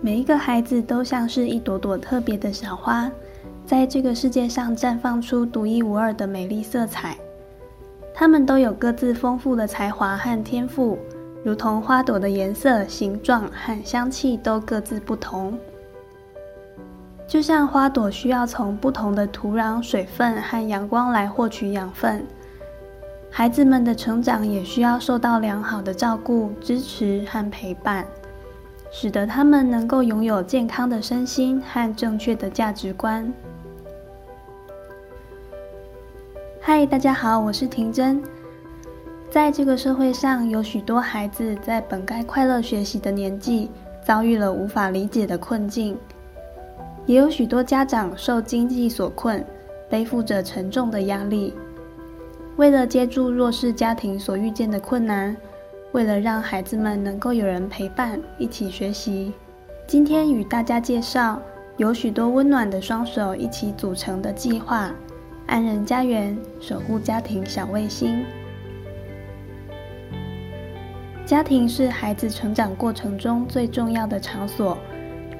每一個孩子都像是一朵朵特別的小花，在這個世界上綻放出獨一無二的美麗色彩。他們都有各自豐富的才華和天賦，如同花朵的顏色、形狀和香氣都各自不同。就像花朵需要從不同的土壤、水分和陽光來獲取養分，孩子們的成長也需要受到良好的照顧、支持和陪伴。使得他們能夠擁有健康的身心和正確的價值觀。嗨，大家好，我是婷真。在這個社會上，有許多孩子在本該快樂學習的年紀，遭遇了無法理解的困境；也有許多家長受經濟所困，背負着沉重的壓力。為了接住弱勢家庭所遇見的困難。為了讓孩子們能夠有人陪伴，一起學習，今天與大家介紹由許多溫暖的雙手一起組成的計劃——安仁家園守護家庭小衛星。家庭是孩子成長過程中最重要的場所，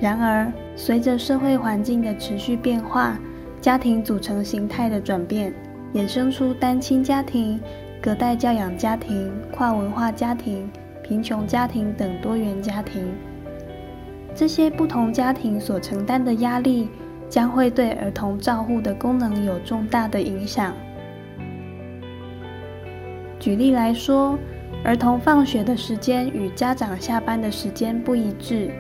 然而，隨着社會環境的持續變化，家庭組成形態的轉變，衍生出單親家庭。隔代教養家庭、跨文化家庭、貧窮家庭等多元家庭，這些不同家庭所承擔的壓力，將會對兒童照護的功能有重大的影響。舉例來說，兒童放學的時間與家長下班的時間不一致，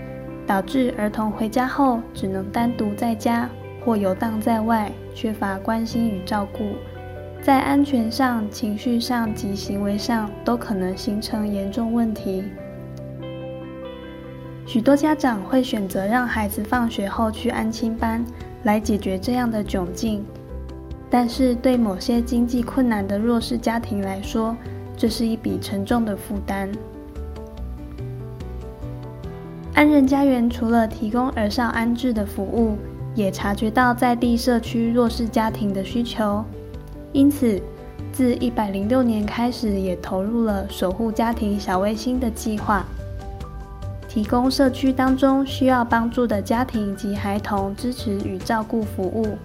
導致兒童回家後只能單獨在家或遊蕩在外，缺乏關心與照顧。在安全上、情緒上及行為上都可能形成嚴重問題。許多家長會選擇讓孩子放學後去安親班來解決這樣的窘境，但是對某些經濟困難的弱勢家庭來說，這是一筆沉重的負擔。安仁家園除了提供兒少安置的服務，也察覺到在地社區弱勢家庭的需求。因此，自106年開始，也投入了守護家庭小衛星的計劃，提供社區當中需要幫助的家庭及孩童，支持與照顧服務，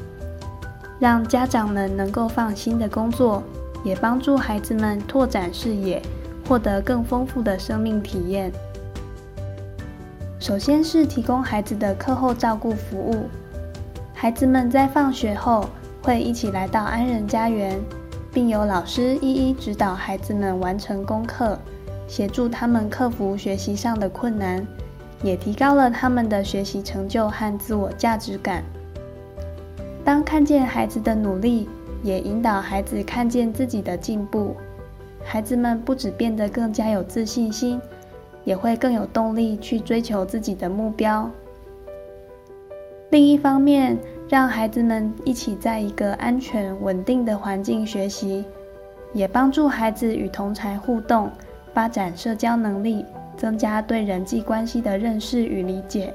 讓家長們能夠放心的工作，也幫助孩子們拓展視野，獲得更豐富的生命體驗。首先是提供孩子的課後照顧服務，孩子們在放學後，會一起來到安仁家園，並由老師一一指導孩子們完成功課，協助他們克服學習上的困難，也提高了他們的學習成就和自我價值感。當看見孩子的努力，也引導孩子看見自己的進步，孩子們不只變得更加有自信心，也會更有動力去追求自己的目標。另一方面，讓孩子們一起在一個安全、穩定的環境學習，也幫助孩子與同儕互動，發展社交能力，增加對人際關係的認識與理解。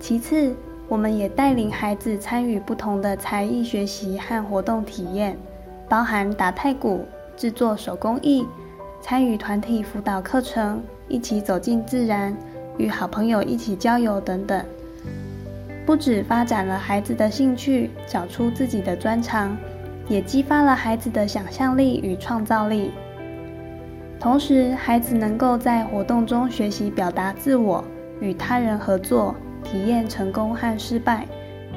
其次，我們也帶領孩子參與不同的才藝學習和活動體驗，包含打太鼓、製作手工藝、參與團體輔導課程、一起走進自然、與好朋友一起郊遊等等。不只發展了孩子的興趣，找出自己的專長，也激發了孩子的想象力與創造力。同時，孩子能夠在活動中學習表達自我、與他人合作、體驗成功和失敗，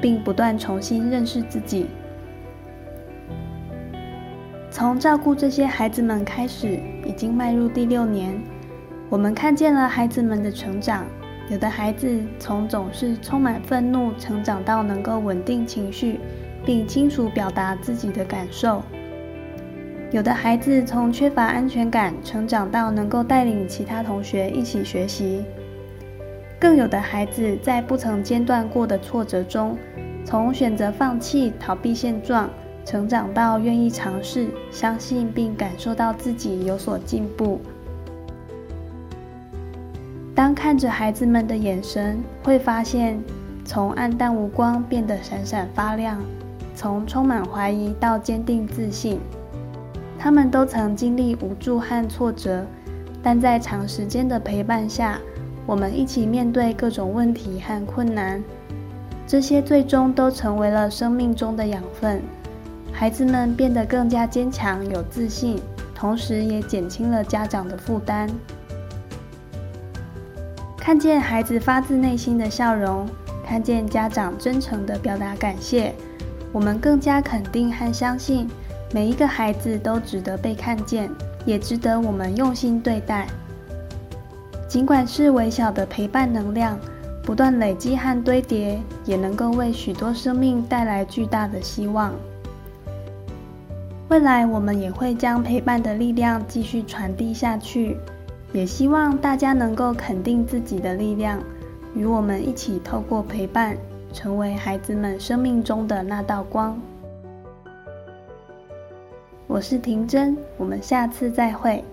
並不斷重新認識自己。從照顧這些孩子們開始，已經邁入第六年，我們看見了孩子們的成長。有的孩子從總是充滿憤怒成長到能夠穩定情緒，並清楚表達自己的感受；有的孩子從缺乏安全感成長到能夠帶領其他同學一起學習；更有的孩子在不曾間斷過的挫折中，從選擇放棄、逃避現狀，成長到願意嘗試、相信並感受到自己有所進步。當看着孩子們的眼神，會發現從暗淡無光變得閃閃發亮，從充滿懷疑到堅定自信。他們都曾經歷無助和挫折，但在長時間的陪伴下，我們一起面對各種問題和困難，這些最終都成為了生命中的養分。孩子們變得更加堅強有自信，同時也減輕了家長的負擔。看見孩子發自內心的笑容，看見家長真誠地表達感謝，我們更加肯定和相信，每一個孩子都值得被看見，也值得我們用心對待。儘管是微小的陪伴能量，不斷累積和堆疊，也能夠為許多生命帶來巨大的希望。未來，我們也會將陪伴的力量繼續傳遞下去。也希望大家能夠肯定自己的力量，與我們一起透過陪伴，成為孩子們生命中的那道光。我是婷真，我們下次再會。